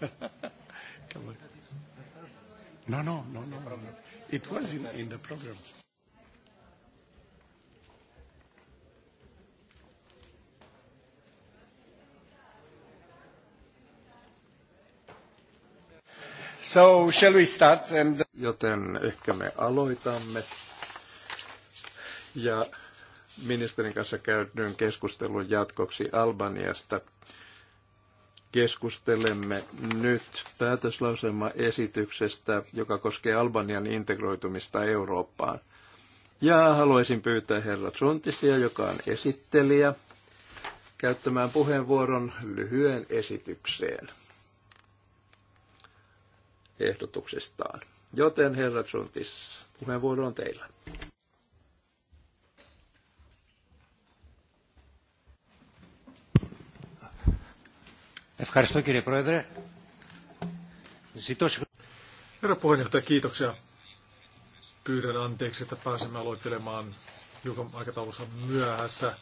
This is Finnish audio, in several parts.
Come on. No, no, no, no, no. It was in, in the program. So, shall we start and... Joten ehkä me aloitamme. Ja ministerin kanssa käydyn keskustelun jatkoksi Albaniasta keskustelemme nyt päätöslauselmaesityksestä, joka koskee Albanian integroitumista Eurooppaan. Ja haluaisin pyytää herra Tsuntisia, joka on esittelijä, käyttämään puheenvuoron lyhyen esitykseen ehdotuksestaan. Joten herra Tsuntis, puheenvuoro on teillä. Herra puhemies Pyydän anteeksi, että pääsemme aloittelemaan hiukan aikataulussa myöhässä.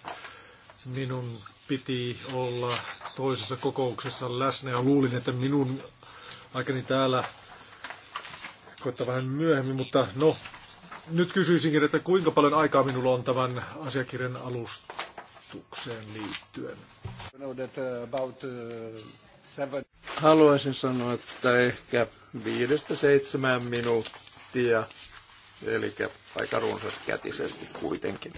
Minun piti olla toisessa kokouksessa läsnä ja luulin, että minun aikani täällä koittaa vähän myöhemmin, mutta no, nyt kysyisinkin, että kuinka paljon aikaa minulla on tämän asiakirjan alustukseen liittyen. Haluaisin sanoa, että ehkä viidestä seitsemään minuuttia, eli aika runsas kätisesti kuitenkin.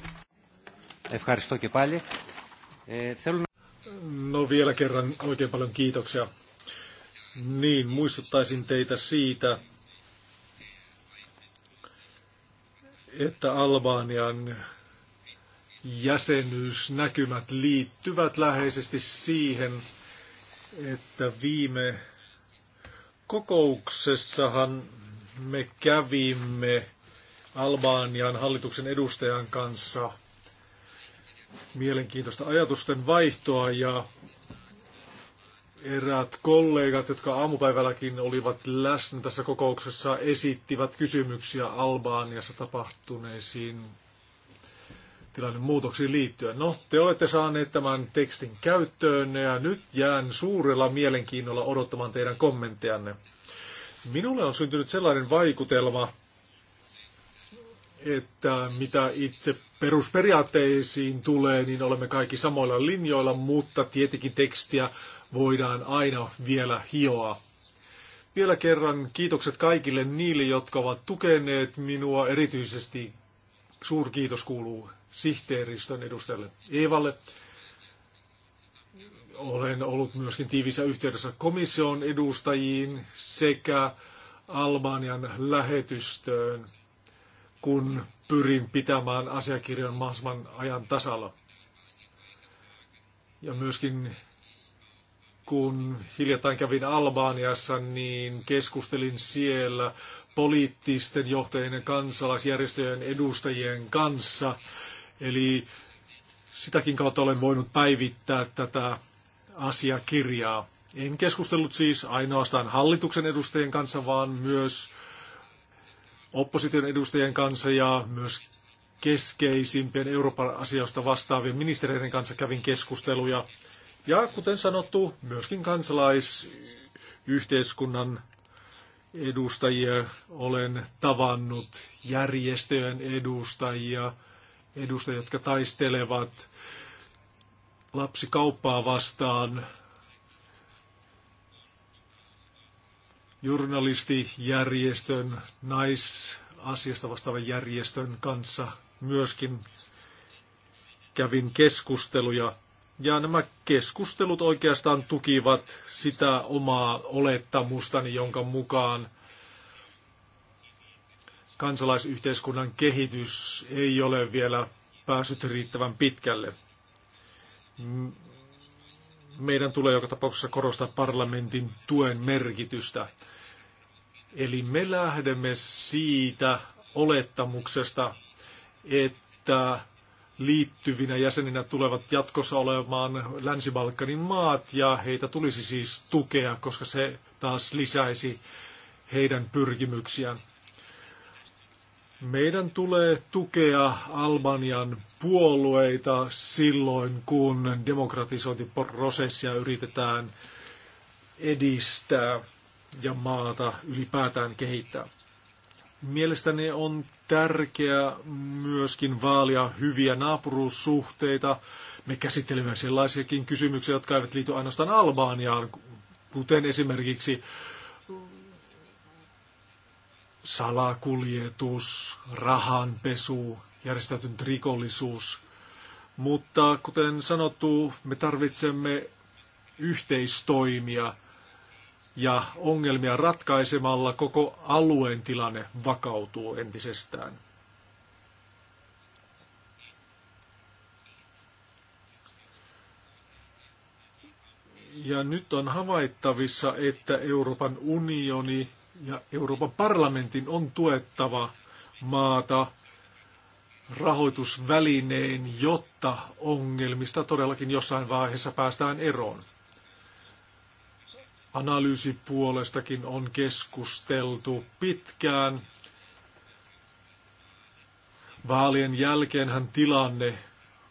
No vielä kerran oikein paljon kiitoksia. Niin, muistuttaisin teitä siitä, että Albanian jäsenyysnäkymät liittyvät läheisesti siihen, että viime kokouksessahan me kävimme Albanian hallituksen edustajan kanssa mielenkiintoista ajatusten vaihtoa ja eräät kollegat, jotka aamupäivälläkin olivat läsnä tässä kokouksessa, esittivät kysymyksiä Albaaniassa tapahtuneisiin muutoksiin liittyen. No, te olette saaneet tämän tekstin käyttöön ja nyt jään suurella mielenkiinnolla odottamaan teidän kommenttejanne. Minulle on syntynyt sellainen vaikutelma, että mitä itse perusperiaatteisiin tulee, niin olemme kaikki samoilla linjoilla, mutta tietenkin tekstiä voidaan aina vielä hioa. Vielä kerran kiitokset kaikille niille, jotka ovat tukeneet minua. Erityisesti suurkiitos kuuluu sihteeristön edustajalle Eevalle. Olen ollut myöskin tiivissä yhteydessä komission edustajiin sekä Albanian lähetystöön, kun pyrin pitämään asiakirjan mahdollisimman ajan tasalla. Ja myöskin kun hiljattain kävin Albaaniassa, niin keskustelin siellä poliittisten johtajien ja kansalaisjärjestöjen edustajien kanssa Eli sitäkin kautta olen voinut päivittää tätä asiakirjaa. En keskustellut siis ainoastaan hallituksen edustajien kanssa, vaan myös opposition edustajien kanssa ja myös keskeisimpien Euroopan asioista vastaavien ministereiden kanssa kävin keskusteluja. Ja kuten sanottu, myöskin kansalaisyhteiskunnan edustajia olen tavannut, järjestöjen edustajia, Edustajat, jotka taistelevat lapsikauppaa vastaan, journalistijärjestön, naisasiasta vastaavan järjestön kanssa myöskin kävin keskusteluja. Ja nämä keskustelut oikeastaan tukivat sitä omaa olettamustani, jonka mukaan – kansalaisyhteiskunnan kehitys ei ole vielä päässyt riittävän pitkälle. Meidän tulee joka tapauksessa korostaa parlamentin tuen merkitystä. Eli me lähdemme siitä olettamuksesta, että liittyvinä jäseninä tulevat jatkossa olemaan Länsi-Balkanin maat ja heitä tulisi siis tukea, koska se taas lisäisi heidän pyrkimyksiään. Meidän tulee tukea Albanian puolueita silloin, kun demokratisointiprosessia yritetään edistää ja maata ylipäätään kehittää. Mielestäni on tärkeää myöskin vaalia hyviä naapuruussuhteita. Me käsittelemme sellaisiakin kysymyksiä, jotka eivät liity ainoastaan Albaniaan, kuten esimerkiksi salakuljetus, rahanpesu, järjestäytynyt rikollisuus. Mutta kuten sanottu, me tarvitsemme yhteistoimia ja ongelmia ratkaisemalla koko alueen tilanne vakautuu entisestään. Ja nyt on havaittavissa, että Euroopan unioni ja Euroopan parlamentin on tuettava maata rahoitusvälineen, jotta ongelmista todellakin jossain vaiheessa päästään eroon. Analyysipuolestakin on keskusteltu pitkään. Vaalien jälkeenhän tilanne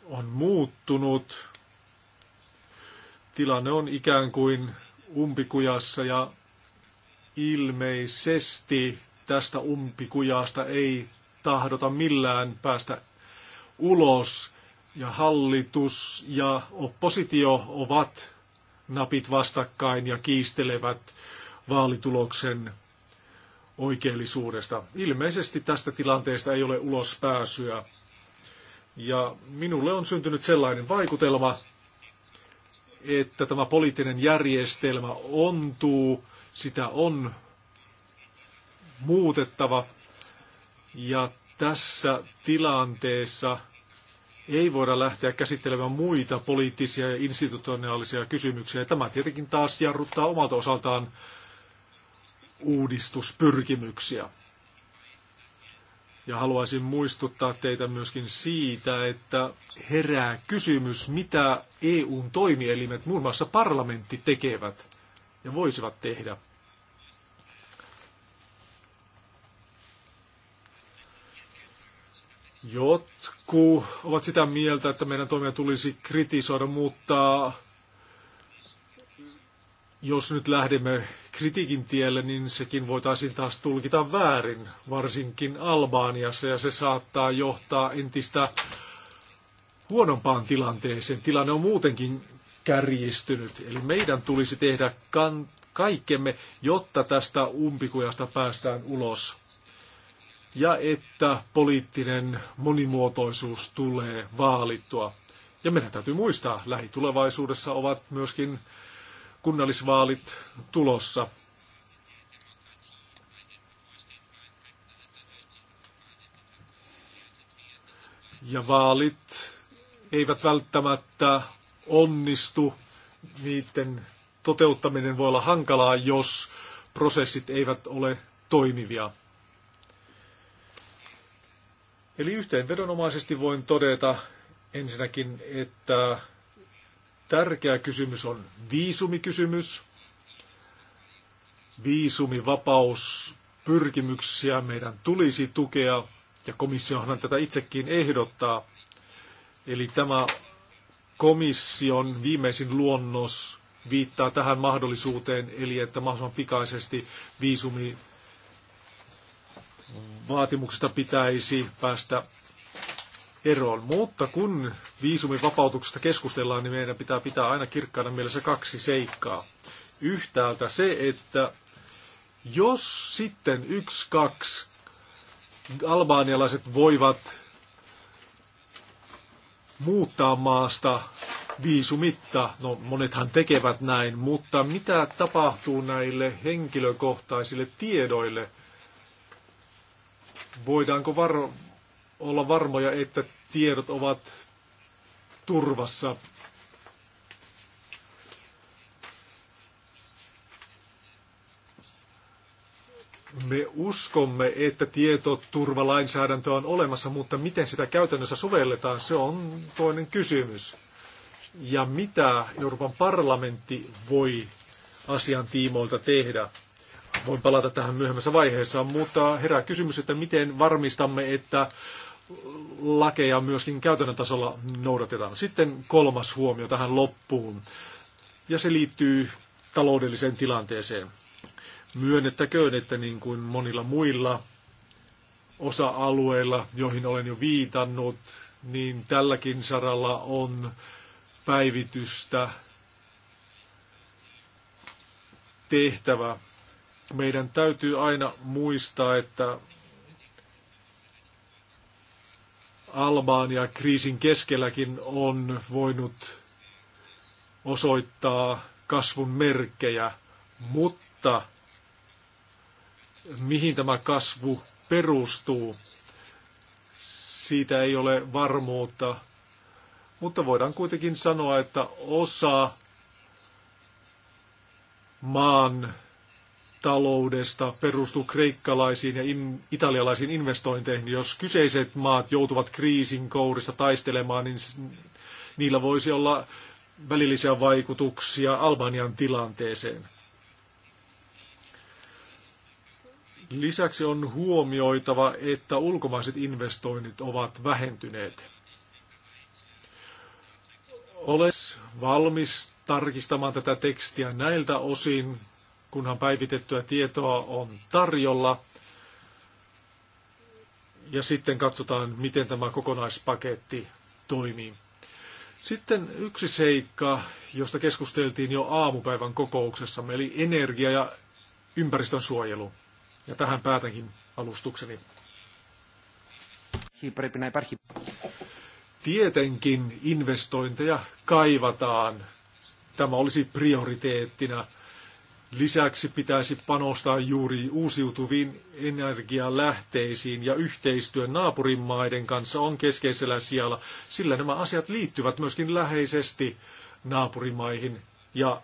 on muuttunut. Tilanne on ikään kuin umpikujassa ja Ilmeisesti tästä umpikujasta ei tahdota millään päästä ulos ja hallitus ja oppositio ovat napit vastakkain ja kiistelevät vaalituloksen oikeellisuudesta. Ilmeisesti tästä tilanteesta ei ole ulospääsyä. Ja minulle on syntynyt sellainen vaikutelma, että tämä poliittinen järjestelmä ontuu sitä on muutettava. Ja tässä tilanteessa ei voida lähteä käsittelemään muita poliittisia ja institutionaalisia kysymyksiä. Tämä tietenkin taas jarruttaa omalta osaltaan uudistuspyrkimyksiä. Ja haluaisin muistuttaa teitä myöskin siitä, että herää kysymys, mitä EUn toimielimet, muun muassa parlamentti, tekevät ja voisivat tehdä. Jotku ovat sitä mieltä, että meidän toimia tulisi kritisoida, mutta jos nyt lähdemme kritiikin tielle, niin sekin voitaisiin taas tulkita väärin, varsinkin Albaaniassa, ja se saattaa johtaa entistä huonompaan tilanteeseen. Tilanne on muutenkin kärjistynyt. Eli meidän tulisi tehdä kan- kaikkemme, jotta tästä umpikujasta päästään ulos. Ja että poliittinen monimuotoisuus tulee vaalittua. Ja meidän täytyy muistaa, lähitulevaisuudessa ovat myöskin kunnallisvaalit tulossa. Ja vaalit eivät välttämättä onnistu. Niiden toteuttaminen voi olla hankalaa, jos prosessit eivät ole toimivia. Eli yhteenvedonomaisesti voin todeta ensinnäkin, että tärkeä kysymys on viisumikysymys. Viisumivapaus pyrkimyksiä meidän tulisi tukea, ja komissiohan tätä itsekin ehdottaa. Eli tämä komission viimeisin luonnos viittaa tähän mahdollisuuteen, eli että mahdollisimman pikaisesti viisumi pitäisi päästä eroon. Mutta kun viisumivapautuksesta keskustellaan, niin meidän pitää pitää aina kirkkaana mielessä kaksi seikkaa. Yhtäältä se, että jos sitten yksi, kaksi albaanialaiset voivat muuttaa maasta viisumitta. No monethan tekevät näin, mutta mitä tapahtuu näille henkilökohtaisille tiedoille? Voidaanko var- olla varmoja, että tiedot ovat turvassa me uskomme, että tietoturvalainsäädäntö on olemassa, mutta miten sitä käytännössä sovelletaan, se on toinen kysymys. Ja mitä Euroopan parlamentti voi asian tiimoilta tehdä? Voin palata tähän myöhemmässä vaiheessa, mutta herää kysymys, että miten varmistamme, että lakeja myöskin käytännön tasolla noudatetaan. Sitten kolmas huomio tähän loppuun, ja se liittyy taloudelliseen tilanteeseen. Myönnettäköön, että niin kuin monilla muilla osa-alueilla, joihin olen jo viitannut, niin tälläkin saralla on päivitystä tehtävä. Meidän täytyy aina muistaa, että Albania kriisin keskelläkin on voinut osoittaa kasvun merkkejä, mutta mihin tämä kasvu perustuu. Siitä ei ole varmuutta, mutta voidaan kuitenkin sanoa, että osa maan taloudesta perustuu kreikkalaisiin ja in, italialaisiin investointeihin. Jos kyseiset maat joutuvat kriisin kourissa taistelemaan, niin niillä voisi olla välillisiä vaikutuksia Albanian tilanteeseen. Lisäksi on huomioitava, että ulkomaiset investoinnit ovat vähentyneet. Olen valmis tarkistamaan tätä tekstiä näiltä osin, kunhan päivitettyä tietoa on tarjolla. Ja sitten katsotaan, miten tämä kokonaispaketti toimii. Sitten yksi seikka, josta keskusteltiin jo aamupäivän kokouksessa, eli energia ja ympäristön suojelu. Ja tähän päätänkin alustukseni. Tietenkin investointeja kaivataan. Tämä olisi prioriteettina. Lisäksi pitäisi panostaa juuri uusiutuviin energialähteisiin ja yhteistyön naapurimaiden kanssa on keskeisellä sijalla, sillä nämä asiat liittyvät myöskin läheisesti naapurimaihin ja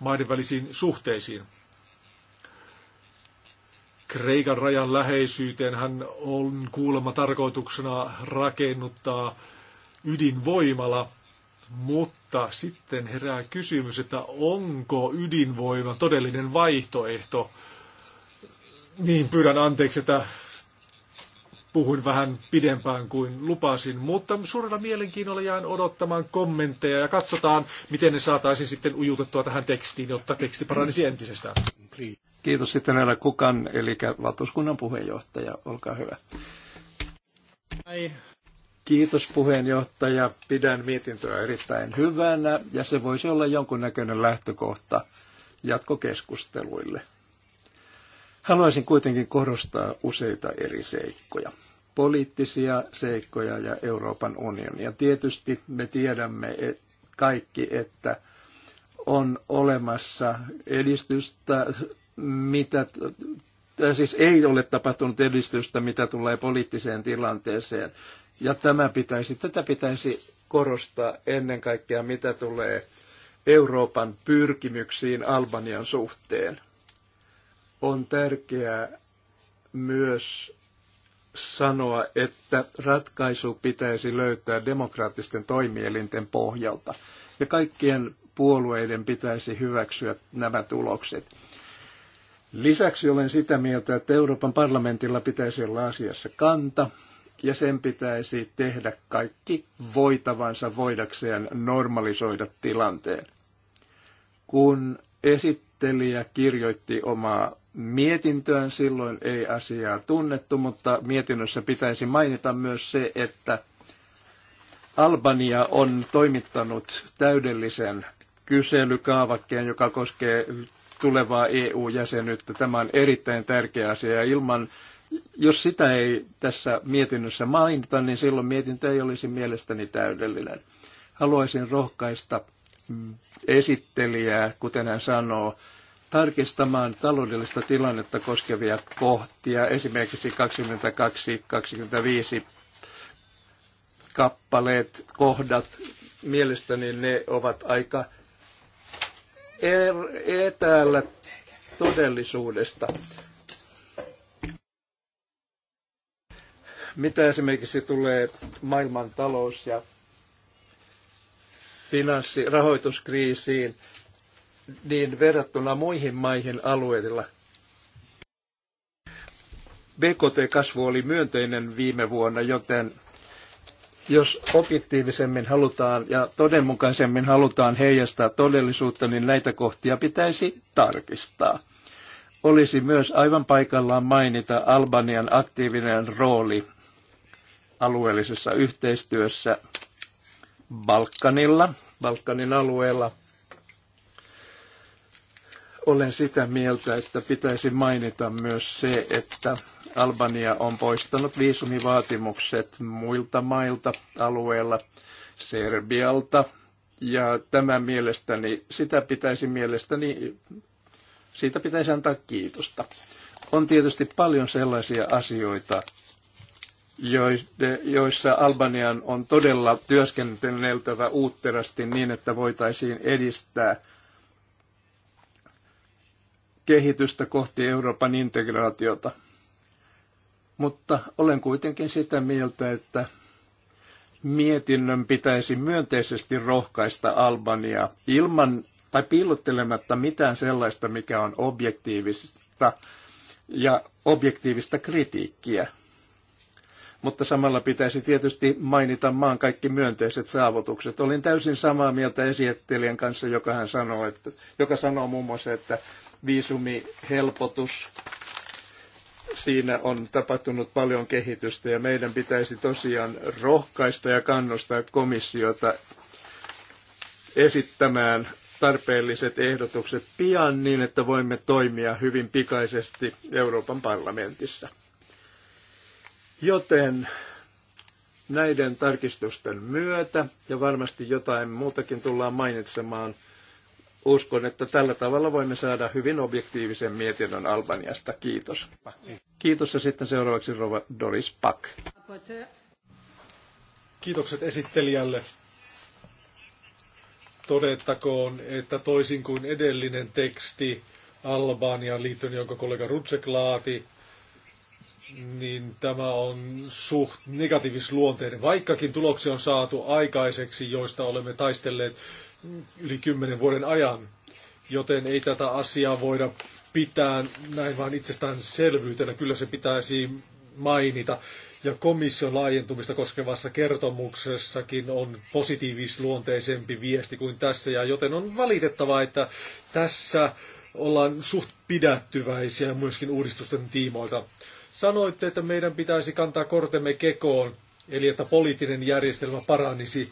maiden välisiin suhteisiin. Kreikan rajan läheisyyteen hän on kuulemma tarkoituksena rakennuttaa ydinvoimala, mutta sitten herää kysymys, että onko ydinvoima todellinen vaihtoehto. Niin pyydän anteeksi, että puhuin vähän pidempään kuin lupasin, mutta suurella mielenkiinnolla jään odottamaan kommentteja ja katsotaan, miten ne saataisiin sitten ujutettua tähän tekstiin, jotta teksti paranisi entisestään. Kiitos sitten näillä Kukan, eli valtuuskunnan puheenjohtaja. Olkaa hyvä. Ai. Kiitos puheenjohtaja. Pidän mietintöä erittäin hyvänä ja se voisi olla jonkunnäköinen lähtökohta jatkokeskusteluille. Haluaisin kuitenkin korostaa useita eri seikkoja. Poliittisia seikkoja ja Euroopan unionia. Tietysti me tiedämme e- kaikki, että on olemassa edistystä mitä, siis ei ole tapahtunut edistystä, mitä tulee poliittiseen tilanteeseen. Ja tämä pitäisi, tätä pitäisi korostaa ennen kaikkea, mitä tulee Euroopan pyrkimyksiin Albanian suhteen. On tärkeää myös sanoa, että ratkaisu pitäisi löytää demokraattisten toimielinten pohjalta. Ja kaikkien puolueiden pitäisi hyväksyä nämä tulokset Lisäksi olen sitä mieltä, että Euroopan parlamentilla pitäisi olla asiassa kanta, ja sen pitäisi tehdä kaikki voitavansa voidakseen normalisoida tilanteen. Kun esittelijä kirjoitti omaa mietintöään, silloin ei asiaa tunnettu, mutta mietinnössä pitäisi mainita myös se, että Albania on toimittanut täydellisen kyselykaavakkeen, joka koskee tulevaa EU-jäsenyyttä. Tämä on erittäin tärkeä asia ja ilman, jos sitä ei tässä mietinnössä mainita, niin silloin mietintö ei olisi mielestäni täydellinen. Haluaisin rohkaista esittelijää, kuten hän sanoo, tarkistamaan taloudellista tilannetta koskevia kohtia, esimerkiksi 22-25 kappaleet, kohdat, mielestäni ne ovat aika Er, etäällä todellisuudesta. Mitä esimerkiksi tulee maailman talous- ja finanssi- niin verrattuna muihin maihin alueilla BKT-kasvu oli myönteinen viime vuonna, joten jos objektiivisemmin halutaan ja todenmukaisemmin halutaan heijastaa todellisuutta, niin näitä kohtia pitäisi tarkistaa. Olisi myös aivan paikallaan mainita Albanian aktiivinen rooli alueellisessa yhteistyössä Balkanilla, Balkanin alueella. Olen sitä mieltä, että pitäisi mainita myös se, että Albania on poistanut viisumivaatimukset muilta mailta alueella Serbialta. Ja tämä mielestäni, sitä pitäisi mielestäni, siitä pitäisi antaa kiitosta. On tietysti paljon sellaisia asioita, joissa Albanian on todella työskenneltävä uutterasti niin, että voitaisiin edistää kehitystä kohti Euroopan integraatiota – mutta olen kuitenkin sitä mieltä, että mietinnön pitäisi myönteisesti rohkaista Albania ilman tai piilottelematta mitään sellaista, mikä on objektiivista ja objektiivista kritiikkiä. Mutta samalla pitäisi tietysti mainita maan kaikki myönteiset saavutukset. Olin täysin samaa mieltä esittelijän kanssa, joka, hän sanoo, että, joka sanoo muun muassa, että viisumihelpotus siinä on tapahtunut paljon kehitystä ja meidän pitäisi tosiaan rohkaista ja kannustaa komissiota esittämään tarpeelliset ehdotukset pian niin, että voimme toimia hyvin pikaisesti Euroopan parlamentissa. Joten näiden tarkistusten myötä, ja varmasti jotain muutakin tullaan mainitsemaan – uskon, että tällä tavalla voimme saada hyvin objektiivisen mietinnön Albaniasta. Kiitos. Kiitos ja sitten seuraavaksi Rova Doris Pak. Kiitokset esittelijälle. Todettakoon, että toisin kuin edellinen teksti Albanian liittyen, jonka kollega Rutsek laati, niin tämä on suht negatiivisluonteinen, vaikkakin tuloksia on saatu aikaiseksi, joista olemme taistelleet yli kymmenen vuoden ajan, joten ei tätä asiaa voida pitää näin vaan itsestään selvyytenä. Kyllä se pitäisi mainita. Ja komission laajentumista koskevassa kertomuksessakin on positiivisluonteisempi viesti kuin tässä, ja joten on valitettavaa, että tässä ollaan suht pidättyväisiä myöskin uudistusten tiimoilta. Sanoitte, että meidän pitäisi kantaa kortemme kekoon, eli että poliittinen järjestelmä paranisi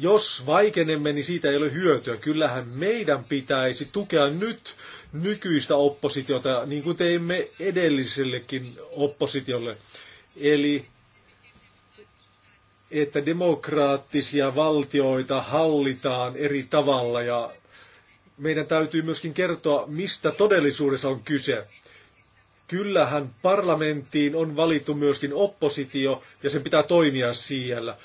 jos vaikenemme, niin siitä ei ole hyötyä. Kyllähän meidän pitäisi tukea nyt nykyistä oppositiota, niin kuin teimme edellisellekin oppositiolle. Eli että demokraattisia valtioita hallitaan eri tavalla ja meidän täytyy myöskin kertoa, mistä todellisuudessa on kyse. Kyllähän parlamenttiin on valittu myöskin oppositio ja sen pitää toimia siellä.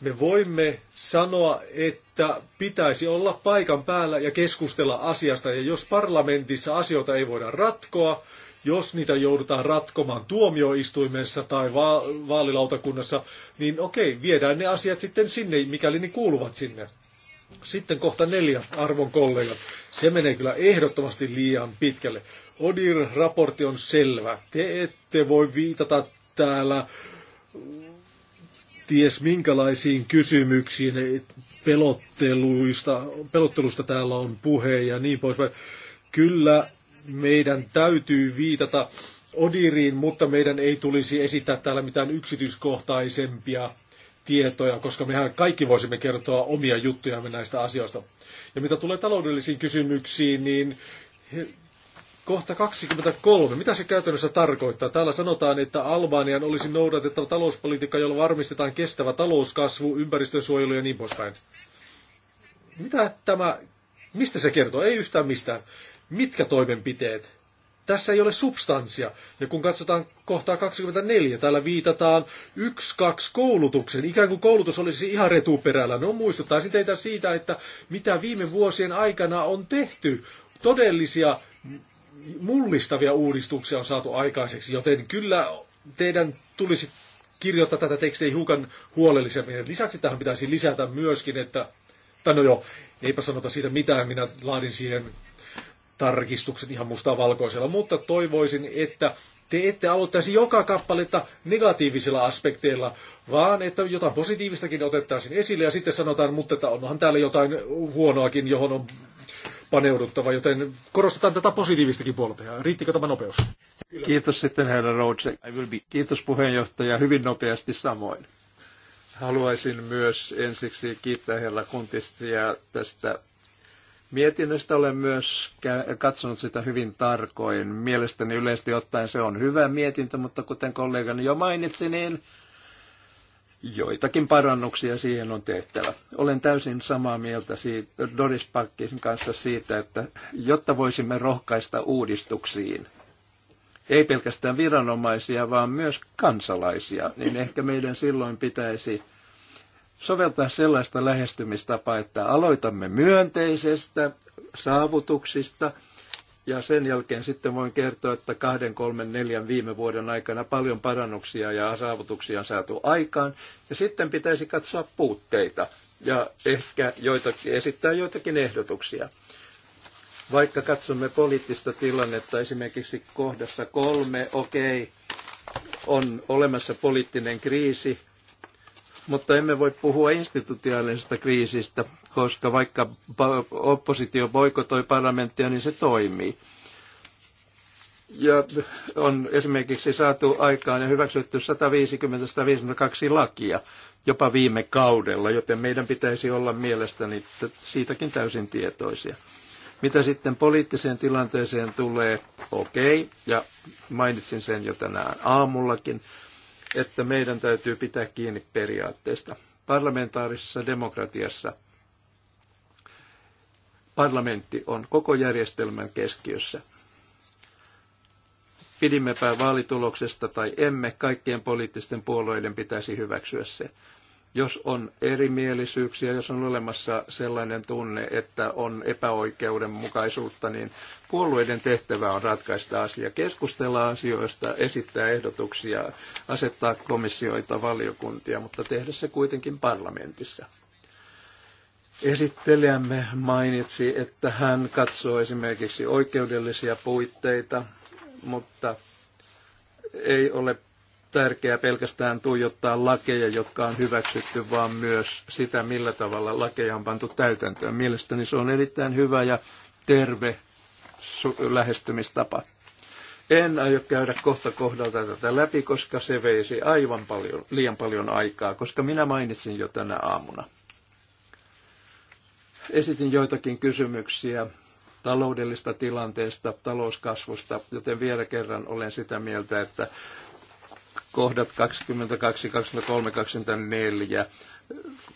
Me voimme sanoa, että pitäisi olla paikan päällä ja keskustella asiasta. Ja jos parlamentissa asioita ei voida ratkoa, jos niitä joudutaan ratkomaan tuomioistuimessa tai va- vaalilautakunnassa, niin okei, viedään ne asiat sitten sinne, mikäli ne kuuluvat sinne. Sitten kohta neljä, arvon kollegat. Se menee kyllä ehdottomasti liian pitkälle. Odir-raportti on selvä. Te ette voi viitata täällä ties minkälaisiin kysymyksiin pelotteluista, pelottelusta täällä on puhe ja niin poispäin. Kyllä meidän täytyy viitata Odiriin, mutta meidän ei tulisi esittää täällä mitään yksityiskohtaisempia tietoja, koska mehän kaikki voisimme kertoa omia juttujamme näistä asioista. Ja mitä tulee taloudellisiin kysymyksiin, niin Kohta 23. Mitä se käytännössä tarkoittaa? Täällä sanotaan, että Albanian olisi noudatettava talouspolitiikka, jolla varmistetaan kestävä talouskasvu, ympäristönsuojelu ja niin poispäin. Mitä tämä, mistä se kertoo? Ei yhtään mistään. Mitkä toimenpiteet? Tässä ei ole substanssia. Ja kun katsotaan kohtaa 24, täällä viitataan 1-2 koulutuksen. Ikään kuin koulutus olisi ihan retuperällä. No muistuttaisin teitä siitä, että mitä viime vuosien aikana on tehty. Todellisia mullistavia uudistuksia on saatu aikaiseksi, joten kyllä teidän tulisi kirjoittaa tätä tekstiä hiukan huolellisemmin. Lisäksi tähän pitäisi lisätä myöskin, että, tai no joo, eipä sanota siitä mitään, minä laadin siihen tarkistuksen ihan mustaa valkoisella, mutta toivoisin, että te ette aloittaisi joka kappaletta negatiivisilla aspekteilla, vaan että jotain positiivistakin otettaisiin esille ja sitten sanotaan, mutta että onhan täällä jotain huonoakin, johon on paneuduttava, joten korostetaan tätä positiivistakin puolta. Ja riittikö tämä nopeus? Kyllä. Kiitos sitten herra Rootse. Kiitos puheenjohtaja hyvin nopeasti samoin. Haluaisin myös ensiksi kiittää herra Kuntistia tästä mietinnöstä. Olen myös katsonut sitä hyvin tarkoin. Mielestäni yleisesti ottaen se on hyvä mietintö, mutta kuten kollegani jo mainitsi, niin joitakin parannuksia siihen on tehtävä. Olen täysin samaa mieltä siitä, Doris Parkin kanssa siitä, että jotta voisimme rohkaista uudistuksiin, ei pelkästään viranomaisia, vaan myös kansalaisia, niin ehkä meidän silloin pitäisi soveltaa sellaista lähestymistapaa, että aloitamme myönteisestä saavutuksista – ja sen jälkeen sitten voin kertoa, että kahden, kolmen, neljän viime vuoden aikana paljon parannuksia ja saavutuksia on saatu aikaan. Ja sitten pitäisi katsoa puutteita ja ehkä joitakin, esittää joitakin ehdotuksia. Vaikka katsomme poliittista tilannetta esimerkiksi kohdassa kolme, okei, okay, on olemassa poliittinen kriisi, mutta emme voi puhua institutionaalisesta kriisistä koska vaikka oppositio boikotoi parlamenttia, niin se toimii. Ja on esimerkiksi saatu aikaan ja hyväksytty 150-152 lakia jopa viime kaudella, joten meidän pitäisi olla mielestäni siitäkin täysin tietoisia. Mitä sitten poliittiseen tilanteeseen tulee, okei, okay, ja mainitsin sen jo tänään aamullakin, että meidän täytyy pitää kiinni periaatteesta. Parlamentaarisessa demokratiassa – parlamentti on koko järjestelmän keskiössä. Pidimmepä vaalituloksesta tai emme, kaikkien poliittisten puolueiden pitäisi hyväksyä se. Jos on erimielisyyksiä, jos on olemassa sellainen tunne, että on epäoikeudenmukaisuutta, niin puolueiden tehtävä on ratkaista asia, keskustella asioista, esittää ehdotuksia, asettaa komissioita, valiokuntia, mutta tehdä se kuitenkin parlamentissa. Esittelijämme mainitsi, että hän katsoo esimerkiksi oikeudellisia puitteita, mutta ei ole tärkeää pelkästään tuijottaa lakeja, jotka on hyväksytty, vaan myös sitä, millä tavalla lakeja on pantu täytäntöön. Mielestäni se on erittäin hyvä ja terve lähestymistapa. En aio käydä kohta kohdalta tätä läpi, koska se veisi aivan paljon, liian paljon aikaa, koska minä mainitsin jo tänä aamuna Esitin joitakin kysymyksiä taloudellista tilanteesta, talouskasvusta, joten vielä kerran olen sitä mieltä, että kohdat 22, 23, 24,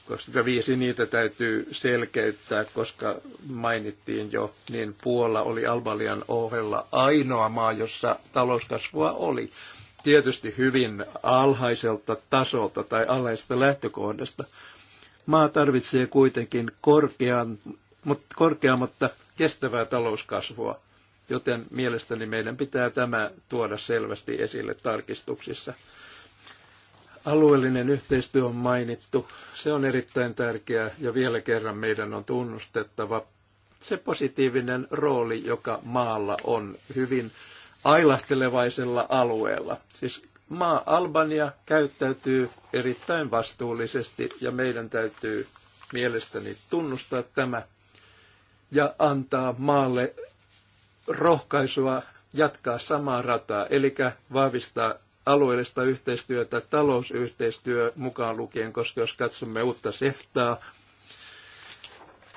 25, niitä täytyy selkeyttää, koska mainittiin jo, niin Puola oli Albalian ohella ainoa maa, jossa talouskasvua oli. Tietysti hyvin alhaiselta tasolta tai alhaisesta lähtökohdasta – Maa tarvitsee kuitenkin korkean, mutta korkeammatta kestävää talouskasvua, joten mielestäni meidän pitää tämä tuoda selvästi esille tarkistuksissa. Alueellinen yhteistyö on mainittu. Se on erittäin tärkeää ja vielä kerran meidän on tunnustettava se positiivinen rooli, joka maalla on hyvin ailahtelevaisella alueella. Siis maa Albania käyttäytyy erittäin vastuullisesti ja meidän täytyy mielestäni tunnustaa tämä ja antaa maalle rohkaisua jatkaa samaa rataa, eli vahvistaa alueellista yhteistyötä, talousyhteistyö mukaan lukien, koska jos katsomme uutta seftaa,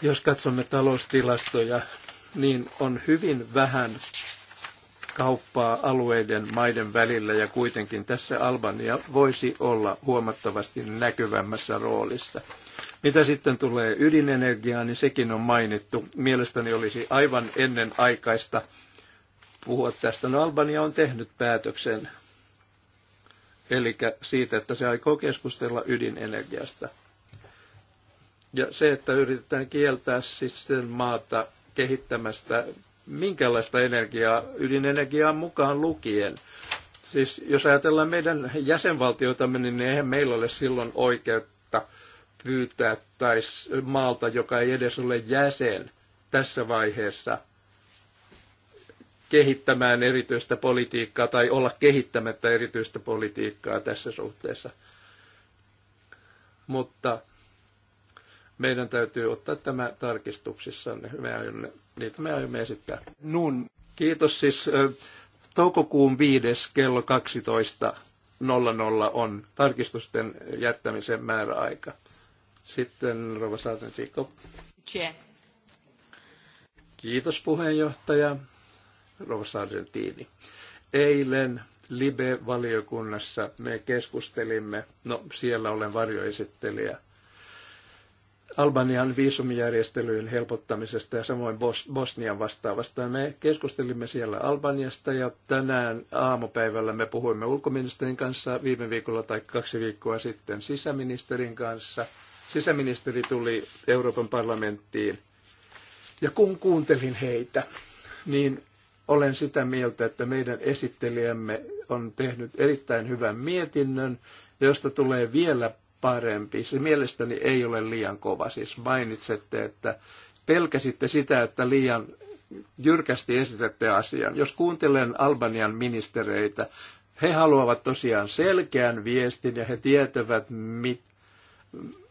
jos katsomme taloustilastoja, niin on hyvin vähän kauppaa alueiden maiden välillä ja kuitenkin tässä Albania voisi olla huomattavasti näkyvämmässä roolissa. Mitä sitten tulee ydinenergiaan, niin sekin on mainittu. Mielestäni olisi aivan ennen aikaista puhua tästä. No Albania on tehnyt päätöksen, eli siitä, että se aikoo keskustella ydinenergiasta. Ja se, että yritetään kieltää siis sen maata kehittämästä minkälaista energiaa, ydinenergiaa mukaan lukien. Siis jos ajatellaan meidän jäsenvaltioitamme, niin eihän meillä ole silloin oikeutta pyytää tai maalta, joka ei edes ole jäsen tässä vaiheessa kehittämään erityistä politiikkaa tai olla kehittämättä erityistä politiikkaa tässä suhteessa. Mutta meidän täytyy ottaa tämä tarkistuksissa Me aiomme, niitä me aiomme esittää. Nun. Kiitos siis. Toukokuun 5. kello 12.00 on tarkistusten jättämisen määräaika. Sitten Rova Saatensiikko. Kiitos puheenjohtaja Rova Sargentini. Eilen Libe-valiokunnassa me keskustelimme, no siellä olen varjoesittelijä, Albanian viisumijärjestelyyn helpottamisesta ja samoin Bos- Bosnian vastaavasta. Me keskustelimme siellä Albaniasta ja tänään aamupäivällä me puhuimme ulkoministerin kanssa viime viikolla tai kaksi viikkoa sitten sisäministerin kanssa. Sisäministeri tuli Euroopan parlamenttiin ja kun kuuntelin heitä, niin olen sitä mieltä, että meidän esittelijämme on tehnyt erittäin hyvän mietinnön, josta tulee vielä parempi. Se mielestäni ei ole liian kova. Siis mainitsette, että pelkäsitte sitä, että liian jyrkästi esitätte asian. Jos kuuntelen Albanian ministereitä, he haluavat tosiaan selkeän viestin ja he tietävät, mit,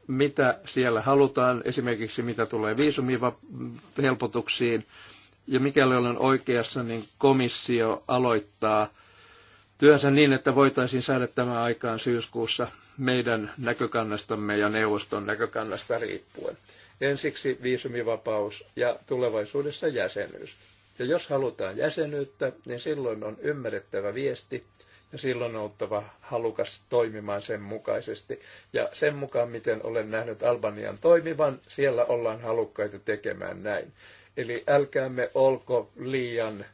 mitä siellä halutaan, esimerkiksi mitä tulee viisumihelpotuksiin. Ja mikäli olen oikeassa, niin komissio aloittaa työnsä niin, että voitaisiin saada tämä aikaan syyskuussa meidän näkökannastamme ja neuvoston näkökannasta riippuen. Ensiksi viisumivapaus ja tulevaisuudessa jäsenyys. Ja jos halutaan jäsenyyttä, niin silloin on ymmärrettävä viesti ja silloin on oltava halukas toimimaan sen mukaisesti. Ja sen mukaan, miten olen nähnyt Albanian toimivan, siellä ollaan halukkaita tekemään näin. Eli älkäämme olko liian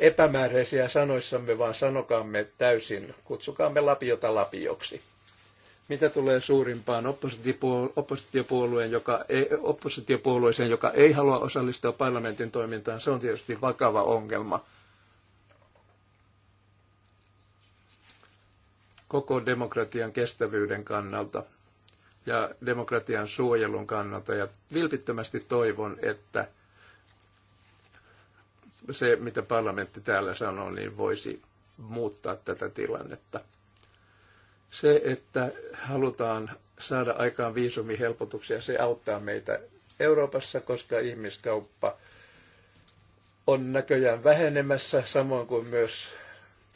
epämääräisiä sanoissamme, vaan sanokaamme täysin, kutsukaamme lapiota lapioksi. Mitä tulee suurimpaan oppositiopuolueen, joka ei, oppositiopuolueeseen, joka ei halua osallistua parlamentin toimintaan, se on tietysti vakava ongelma. koko demokratian kestävyyden kannalta ja demokratian suojelun kannalta. Ja vilpittömästi toivon, että se, mitä parlamentti täällä sanoo, niin voisi muuttaa tätä tilannetta. Se, että halutaan saada aikaan viisumihelpotuksia, se auttaa meitä Euroopassa, koska ihmiskauppa on näköjään vähenemässä, samoin kuin myös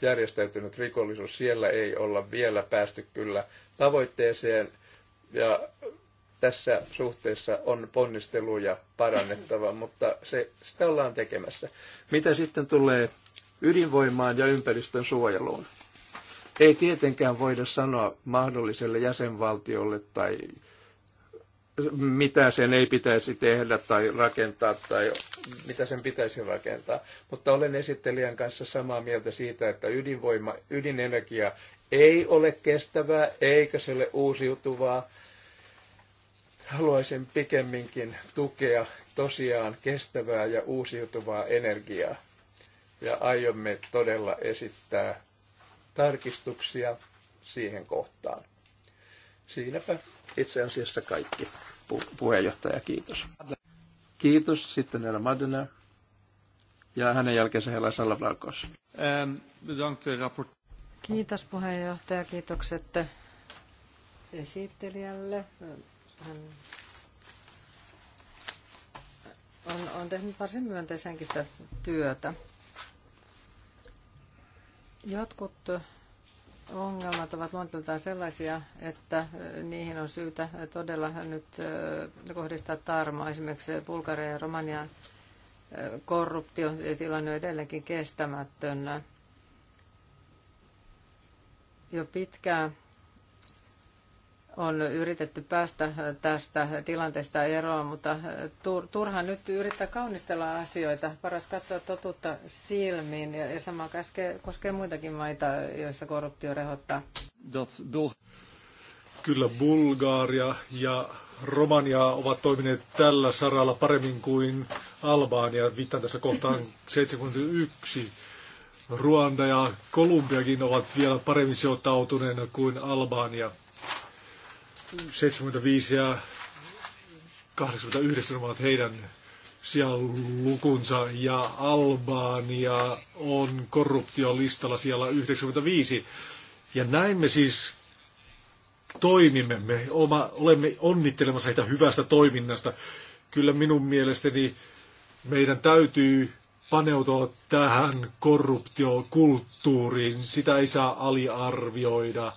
järjestäytynyt rikollisuus. Siellä ei olla vielä päästy kyllä tavoitteeseen ja tässä suhteessa on ponnisteluja parannettava, mutta se, sitä ollaan tekemässä. Mitä sitten tulee ydinvoimaan ja ympäristön suojeluun? Ei tietenkään voida sanoa mahdolliselle jäsenvaltiolle tai mitä sen ei pitäisi tehdä tai rakentaa tai mitä sen pitäisi rakentaa. Mutta olen esittelijän kanssa samaa mieltä siitä, että ydinvoima, ydinenergia ei ole kestävää eikä se ole uusiutuvaa haluaisin pikemminkin tukea tosiaan kestävää ja uusiutuvaa energiaa. Ja aiomme todella esittää tarkistuksia siihen kohtaan. Siinäpä itse asiassa kaikki. Pu- puheenjohtaja, kiitos. Kiitos. Sitten Herra Madena. Ja hänen jälkeensä Herra Salavrakos. Ähm, eh, kiitos puheenjohtaja. Kiitokset esittelijälle on, on tehnyt varsin myönteisenkin työtä. Jotkut ongelmat ovat luonteeltaan sellaisia, että niihin on syytä todella nyt kohdistaa tarmoa. Esimerkiksi Bulgarian ja Romanian tilanne on edelleenkin kestämätön. Jo pitkään on yritetty päästä tästä tilanteesta eroon, mutta äh, turha nyt yrittää kaunistella asioita. Paras katsoa totuutta silmiin ja sama käske, koskee muitakin maita, joissa korruptio rehottaa. Kyllä Bulgaaria ja Romania ovat toimineet tällä saralla paremmin kuin Albania. Viittaan tässä kohtaan 71. Ruanda ja Kolumbiakin ovat vielä paremmin sijoittautuneena kuin Albania. 75 ja 81 ovat heidän siellä lukunsa ja Albaania on korruptiolistalla siellä 95. Ja näin me siis toimimme, me oma, olemme onnittelemassa heitä hyvästä toiminnasta. Kyllä minun mielestäni meidän täytyy paneutua tähän korruptiokulttuuriin. Sitä ei saa aliarvioida.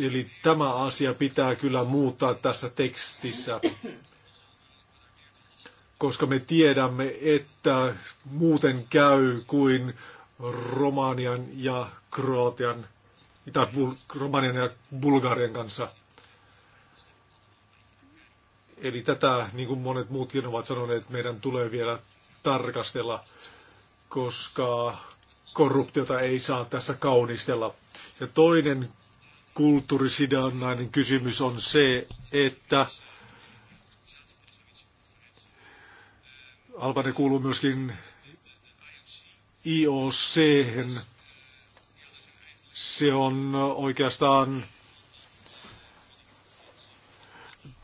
Eli tämä asia pitää kyllä muuttaa tässä tekstissä, koska me tiedämme, että muuten käy kuin Romanian ja Kroatian, tai Bul- Romanian ja Bulgarian kanssa. Eli tätä, niin kuin monet muutkin ovat sanoneet, meidän tulee vielä tarkastella, koska korruptiota ei saa tässä kaunistella. Ja toinen kulttuurisidonnainen kysymys on se, että Albania kuuluu myöskin IOC. -hän. Se on oikeastaan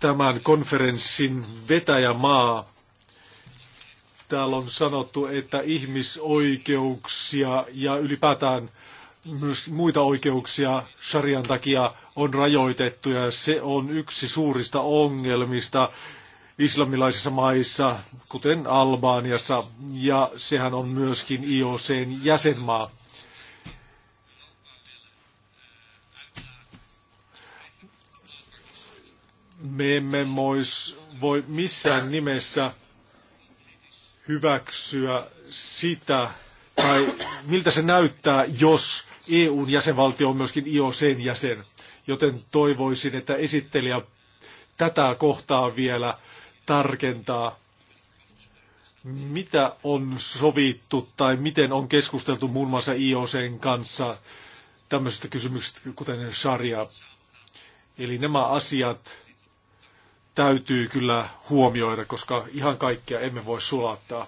tämän konferenssin vetäjämaa. Täällä on sanottu, että ihmisoikeuksia ja ylipäätään myös muita oikeuksia sarjan takia on rajoitettu ja se on yksi suurista ongelmista islamilaisissa maissa, kuten Albaaniassa, ja sehän on myöskin IOCn jäsenmaa. Me emme voi missään nimessä hyväksyä sitä, tai miltä se näyttää, jos EUn jäsenvaltio on myöskin IOCn jäsen, joten toivoisin, että esittelijä tätä kohtaa vielä tarkentaa, mitä on sovittu tai miten on keskusteltu muun muassa IOCn kanssa tämmöisistä kysymyksistä, kuten sarja. Eli nämä asiat täytyy kyllä huomioida, koska ihan kaikkia emme voi sulattaa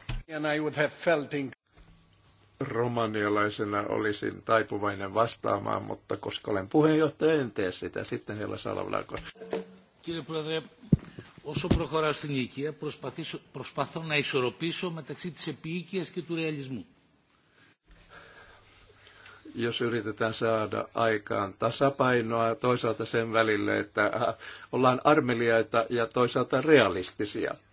romanialaisena olisin taipuvainen vastaamaan, mutta koska olen puheenjohtaja, en tee sitä. Sitten heillä Salavlakos. Κύριε Πρόεδρε, όσο προχωράω στην οικία προσπαθώ να ισορροπήσω μεταξύ της επίοικιας και του ρεαλισμού. Jos yritetään saada aikaan tasapainoa toisaalta sen välille, että ollaan armeliaita ja toisaalta realistisia –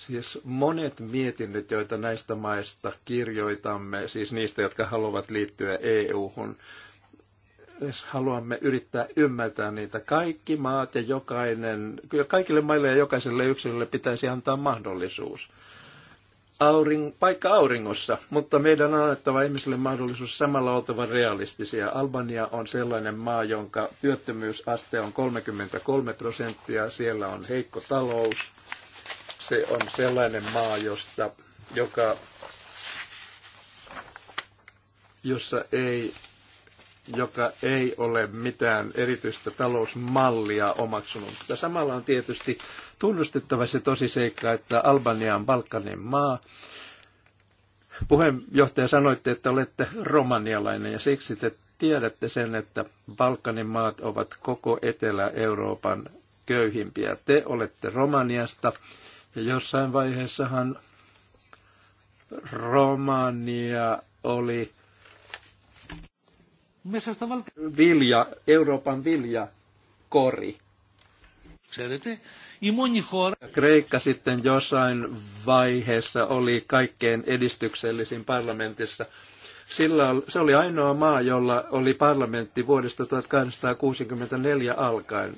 Siis monet mietinnöt, joita näistä maista kirjoitamme, siis niistä, jotka haluavat liittyä EU-hun, jos haluamme yrittää ymmärtää niitä, kaikki maat ja jokainen, kyllä kaikille maille ja jokaiselle yksilölle pitäisi antaa mahdollisuus. Auring, paikka auringossa, mutta meidän on annettava ihmisille mahdollisuus samalla oltava realistisia. Albania on sellainen maa, jonka työttömyysaste on 33 prosenttia, siellä on heikko talous, se on sellainen maa, josta, joka, jossa ei, joka ei ole mitään erityistä talousmallia omaksunut. Mutta samalla on tietysti tunnustettava se tosiseikka, että Albania on Balkanin maa. Puheenjohtaja sanoitte, että olette romanialainen ja siksi te tiedätte sen, että Balkanin maat ovat koko Etelä-Euroopan köyhimpiä. Te olette Romaniasta ja jossain vaiheessahan Romania oli vilja, Euroopan kori. Kreikka sitten jossain vaiheessa oli kaikkein edistyksellisin parlamentissa. Sillä se oli ainoa maa, jolla oli parlamentti vuodesta 1864 alkaen.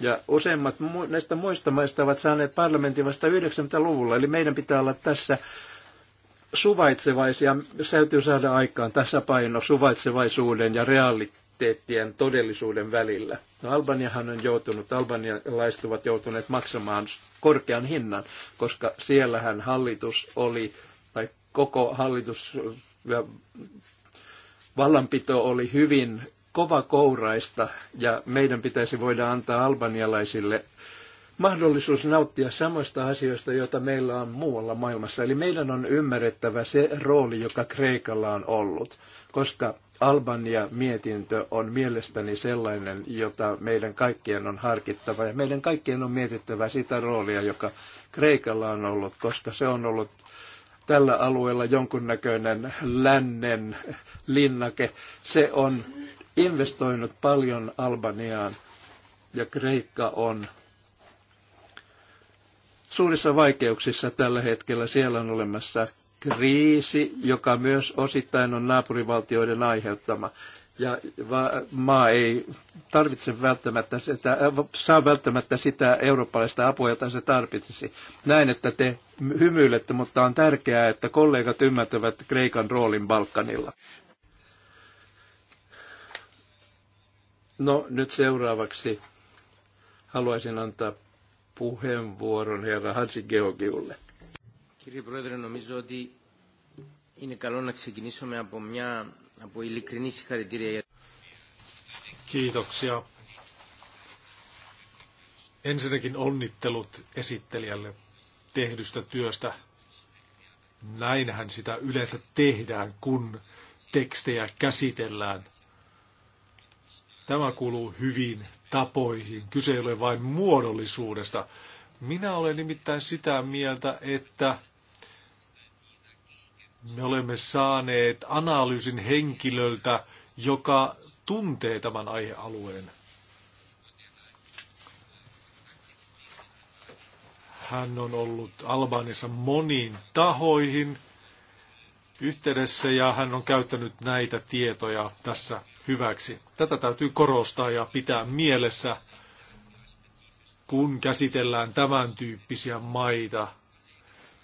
Ja useimmat näistä muista maista ovat saaneet parlamentin vasta 90-luvulla, eli meidän pitää olla tässä suvaitsevaisia. säytyy saada aikaan tasapaino suvaitsevaisuuden ja realiteettien todellisuuden välillä. No Albaniahan on joutunut, albanialaiset ovat joutuneet maksamaan korkean hinnan, koska siellähän hallitus oli, tai koko hallitus ja vallanpito oli hyvin Kova kouraista ja meidän pitäisi voida antaa albanialaisille mahdollisuus nauttia samoista asioista, joita meillä on muualla maailmassa. Eli meidän on ymmärrettävä se rooli, joka Kreikalla on ollut, koska Albania-mietintö on mielestäni sellainen, jota meidän kaikkien on harkittava ja meidän kaikkien on mietittävä sitä roolia, joka Kreikalla on ollut, koska se on ollut tällä alueella jonkunnäköinen lännen linnake. Se on investoinut paljon Albaniaan ja Kreikka on suurissa vaikeuksissa tällä hetkellä. Siellä on olemassa kriisi, joka myös osittain on naapurivaltioiden aiheuttama. Ja maa ei tarvitse välttämättä sitä, äh, saa välttämättä sitä eurooppalaista apua, jota se tarvitsisi. Näin, että te hymyilette, mutta on tärkeää, että kollegat ymmärtävät Kreikan roolin Balkanilla. No nyt seuraavaksi haluaisin antaa puheenvuoron herra Hansi Georgiulle. Κύριε Πρόεδρε, νομίζω ότι είναι καλό να ξεκινήσουμε από μια από ειλικρινή συγχαρητήρια. Kiitoksia. Ensinnäkin onnittelut esittelijälle tehdystä työstä. Näinhän sitä yleensä tehdään, kun tekstejä käsitellään – Tämä kuuluu hyvin tapoihin. Kyse ei ole vain muodollisuudesta. Minä olen nimittäin sitä mieltä, että me olemme saaneet analyysin henkilöltä, joka tuntee tämän aihealueen. Hän on ollut Albanissa moniin tahoihin yhteydessä ja hän on käyttänyt näitä tietoja tässä hyväksi. Tätä täytyy korostaa ja pitää mielessä, kun käsitellään tämän tyyppisiä maita.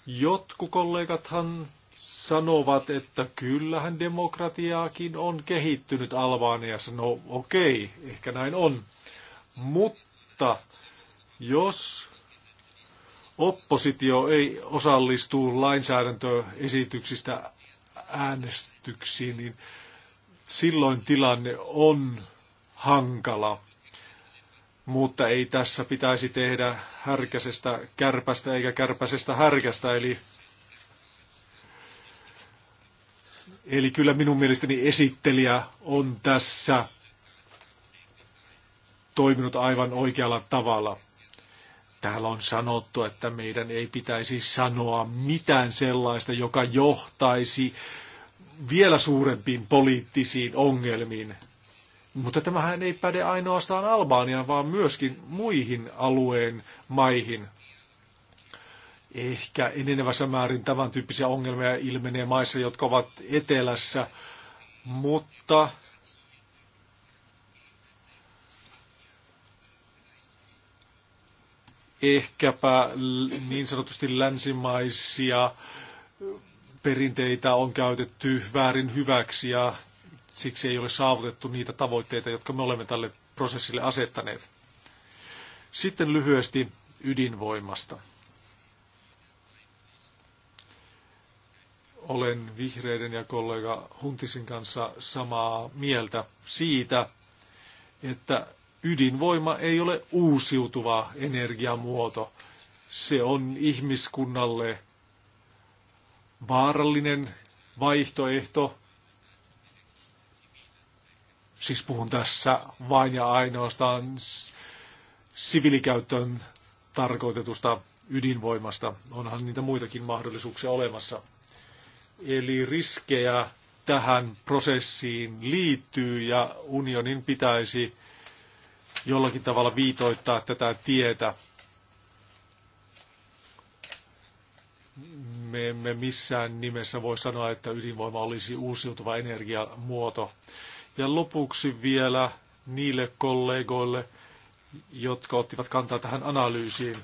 Jotkut kollegathan sanovat, että kyllähän demokratiaakin on kehittynyt Albaniassa. No okei, okay, ehkä näin on. Mutta jos oppositio ei osallistu lainsäädäntöesityksistä äänestyksiin, niin silloin tilanne on hankala. Mutta ei tässä pitäisi tehdä härkäsestä kärpästä eikä kärpäsestä härkästä, eli Eli kyllä minun mielestäni esittelijä on tässä toiminut aivan oikealla tavalla. Täällä on sanottu, että meidän ei pitäisi sanoa mitään sellaista, joka johtaisi vielä suurempiin poliittisiin ongelmiin. Mutta tämähän ei päde ainoastaan Albaniaan, vaan myöskin muihin alueen maihin. Ehkä enenevässä määrin tämän tyyppisiä ongelmia ilmenee maissa, jotka ovat etelässä, mutta ehkäpä niin sanotusti länsimaisia perinteitä on käytetty väärin hyväksi ja siksi ei ole saavutettu niitä tavoitteita, jotka me olemme tälle prosessille asettaneet. Sitten lyhyesti ydinvoimasta. Olen vihreiden ja kollega Huntisin kanssa samaa mieltä siitä, että ydinvoima ei ole uusiutuva energiamuoto. Se on ihmiskunnalle vaarallinen vaihtoehto. Siis puhun tässä vain ja ainoastaan sivilikäyttöön tarkoitetusta ydinvoimasta. Onhan niitä muitakin mahdollisuuksia olemassa. Eli riskejä tähän prosessiin liittyy ja unionin pitäisi jollakin tavalla viitoittaa tätä tietä me emme missään nimessä voi sanoa, että ydinvoima olisi uusiutuva energiamuoto. Ja lopuksi vielä niille kollegoille, jotka ottivat kantaa tähän analyysiin.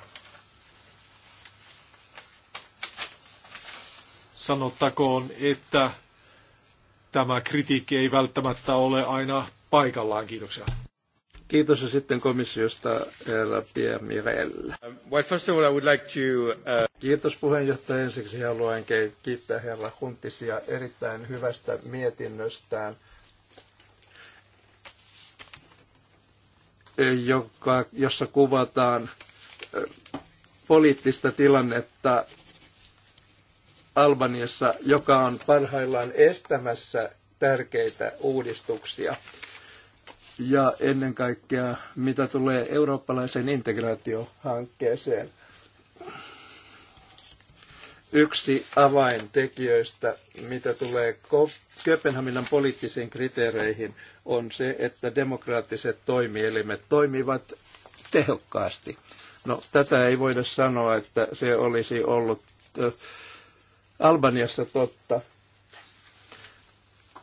Sanottakoon, että tämä kritiikki ei välttämättä ole aina paikallaan. Kiitoksia. Kiitos ja sitten komissiosta herra Pierre Mirel. Well, first of all, I would like to, uh... Kiitos puheenjohtaja. Ensiksi haluan kiittää herra Huntisia erittäin hyvästä mietinnöstään, joka, jossa kuvataan poliittista tilannetta Albaniassa, joka on parhaillaan estämässä tärkeitä uudistuksia ja ennen kaikkea mitä tulee eurooppalaiseen integraatiohankkeeseen. Yksi avaintekijöistä, mitä tulee Kööpenhaminan poliittisiin kriteereihin, on se, että demokraattiset toimielimet toimivat tehokkaasti. No, tätä ei voida sanoa, että se olisi ollut Albaniassa totta.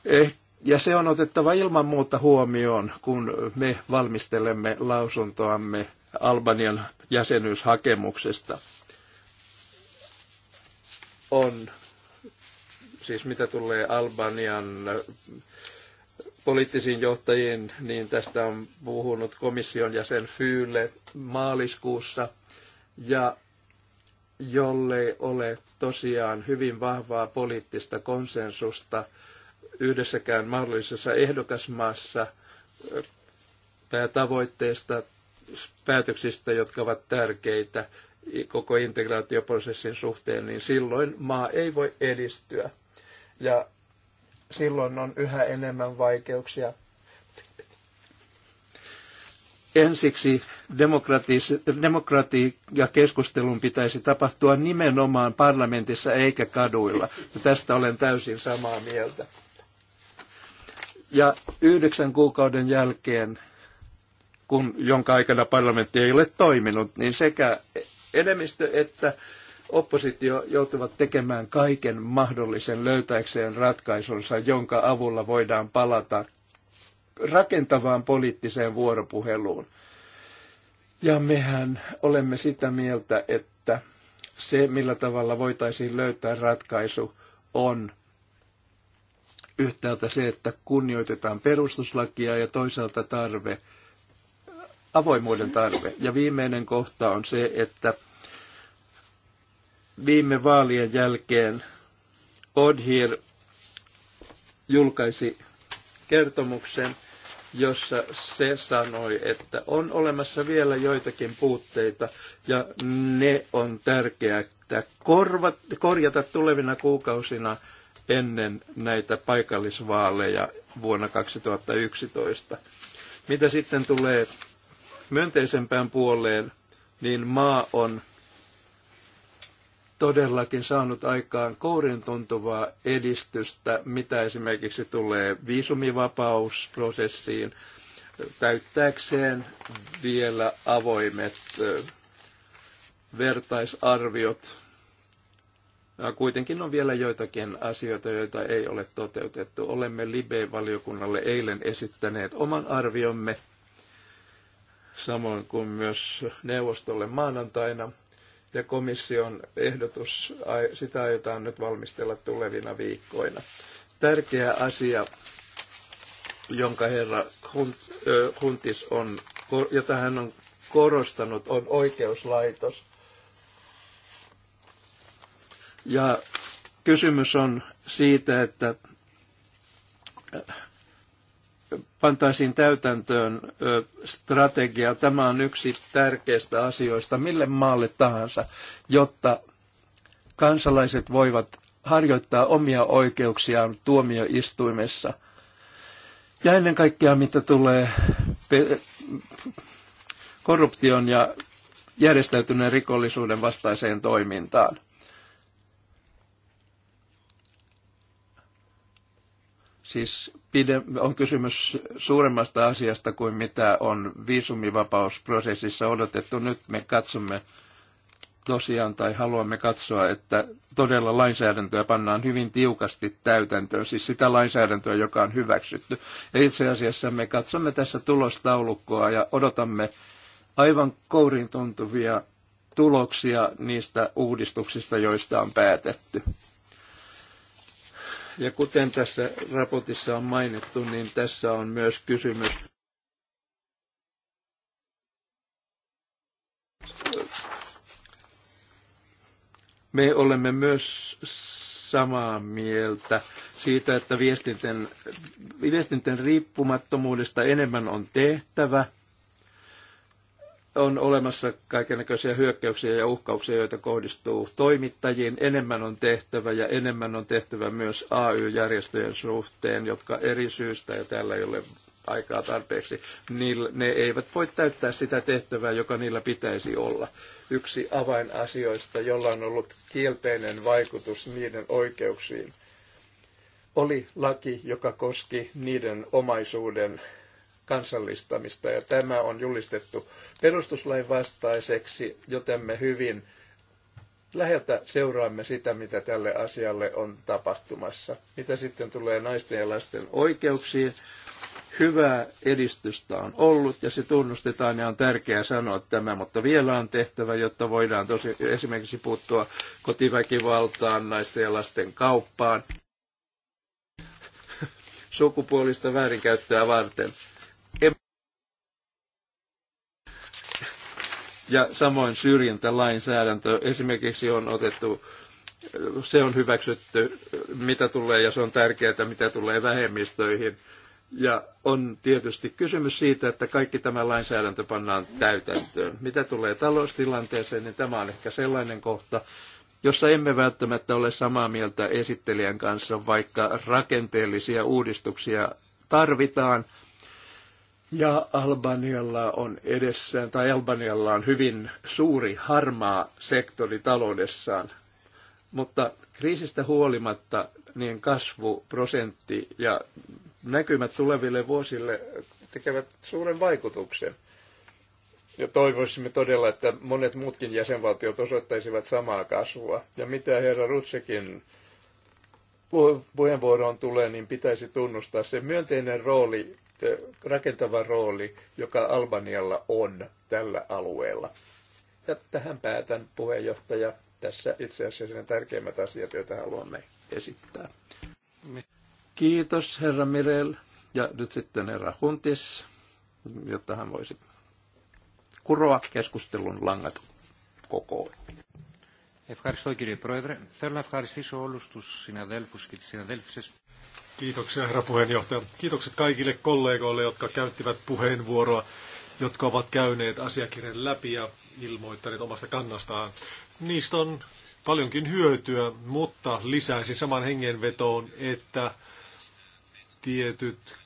Eh, ja se on otettava ilman muuta huomioon, kun me valmistelemme lausuntoamme Albanian jäsenyyshakemuksesta. On, siis mitä tulee Albanian poliittisiin johtajiin, niin tästä on puhunut komission jäsen Fyyle maaliskuussa. Ja jollei ole tosiaan hyvin vahvaa poliittista konsensusta – yhdessäkään mahdollisessa ehdokasmaassa päätavoitteista, päätöksistä, jotka ovat tärkeitä koko integraatioprosessin suhteen, niin silloin maa ei voi edistyä. Ja silloin on yhä enemmän vaikeuksia. Ensiksi demokratia ja keskustelun pitäisi tapahtua nimenomaan parlamentissa eikä kaduilla. Ja tästä olen täysin samaa mieltä. Ja yhdeksän kuukauden jälkeen, kun, jonka aikana parlamentti ei ole toiminut, niin sekä enemmistö että oppositio joutuvat tekemään kaiken mahdollisen löytäkseen ratkaisunsa, jonka avulla voidaan palata rakentavaan poliittiseen vuoropuheluun. Ja mehän olemme sitä mieltä, että se, millä tavalla voitaisiin löytää ratkaisu, on yhtäältä se, että kunnioitetaan perustuslakia ja toisaalta tarve, avoimuuden tarve. Ja viimeinen kohta on se, että viime vaalien jälkeen Odhir julkaisi kertomuksen, jossa se sanoi, että on olemassa vielä joitakin puutteita ja ne on tärkeää korvat, korjata tulevina kuukausina – ennen näitä paikallisvaaleja vuonna 2011. Mitä sitten tulee myönteisempään puoleen, niin maa on todellakin saanut aikaan kourin tuntuvaa edistystä, mitä esimerkiksi tulee viisumivapausprosessiin täyttääkseen vielä avoimet vertaisarviot Äh, kuitenkin on vielä joitakin asioita, joita ei ole toteutettu. Olemme Libe-valiokunnalle eilen esittäneet oman arviomme, samoin kuin myös neuvostolle maanantaina. Ja komission ehdotus, sitä aiotaan nyt valmistella tulevina viikkoina. Tärkeä asia, jonka herra äh, Huntis on, jota hän on korostanut, on oikeuslaitos ja kysymys on siitä, että äh, pantaisiin täytäntöön strategia. Tämä on yksi tärkeistä asioista mille maalle tahansa, jotta kansalaiset voivat harjoittaa omia oikeuksiaan tuomioistuimessa. Ja ennen kaikkea mitä tulee korruption ja järjestäytyneen rikollisuuden vastaiseen toimintaan. Siis on kysymys suuremmasta asiasta kuin mitä on viisumivapausprosessissa odotettu. Nyt me katsomme tosiaan tai haluamme katsoa, että todella lainsäädäntöä pannaan hyvin tiukasti täytäntöön, siis sitä lainsäädäntöä, joka on hyväksytty. Ja itse asiassa me katsomme tässä tulostaulukkoa ja odotamme aivan kouriin tuntuvia tuloksia niistä uudistuksista, joista on päätetty. Ja kuten tässä raportissa on mainittu, niin tässä on myös kysymys me olemme myös samaa mieltä siitä, että viestinten, viestinten riippumattomuudesta enemmän on tehtävä – on olemassa kaikenlaisia hyökkäyksiä ja uhkauksia, joita kohdistuu toimittajiin. Enemmän on tehtävä ja enemmän on tehtävä myös AY-järjestöjen suhteen, jotka eri syystä ja tällä ei ole aikaa tarpeeksi. Ne eivät voi täyttää sitä tehtävää, joka niillä pitäisi olla. Yksi avainasioista, jolla on ollut kielteinen vaikutus niiden oikeuksiin, oli laki, joka koski niiden omaisuuden kansallistamista ja tämä on julistettu perustuslain vastaiseksi, joten me hyvin läheltä seuraamme sitä, mitä tälle asialle on tapahtumassa. Mitä sitten tulee naisten ja lasten oikeuksiin, hyvää edistystä on ollut ja se tunnustetaan ja on tärkeää sanoa tämä, mutta vielä on tehtävä, jotta voidaan tosi, esimerkiksi puuttua kotiväkivaltaan, naisten ja lasten kauppaan, sukupuolista väärinkäyttöä varten. Ja samoin syrjintälainsäädäntö esimerkiksi on otettu, se on hyväksytty, mitä tulee, ja se on tärkeää, mitä tulee vähemmistöihin. Ja on tietysti kysymys siitä, että kaikki tämä lainsäädäntö pannaan täytäntöön. Mitä tulee taloustilanteeseen, niin tämä on ehkä sellainen kohta, jossa emme välttämättä ole samaa mieltä esittelijän kanssa, vaikka rakenteellisia uudistuksia tarvitaan – ja Albanialla on edessään, tai Albanialla on hyvin suuri harmaa sektori taloudessaan. Mutta kriisistä huolimatta niin kasvuprosentti ja näkymät tuleville vuosille tekevät suuren vaikutuksen. Ja toivoisimme todella, että monet muutkin jäsenvaltiot osoittaisivat samaa kasvua. Ja mitä herra Rutsekin puheenvuoroon tulee, niin pitäisi tunnustaa se myönteinen rooli, rakentava rooli, joka Albanialla on tällä alueella. Ja tähän päätän puheenjohtaja. Tässä itse asiassa ne tärkeimmät asiat, joita haluamme esittää. Kiitos herra Mirel ja nyt sitten herra Huntis, jotta hän voisi kuroa keskustelun langat kokoon. Ευχαριστώ κύριε Πρόεδρε. Θέλω να ευχαριστήσω όλους τους συναδέλφους και τις συναδέλφισες Kiitoksia, herra puheenjohtaja. Kiitokset kaikille kollegoille, jotka käyttivät puheenvuoroa, jotka ovat käyneet asiakirjan läpi ja ilmoittaneet omasta kannastaan. Niistä on paljonkin hyötyä, mutta lisäisin saman hengenvetoon, että tietyt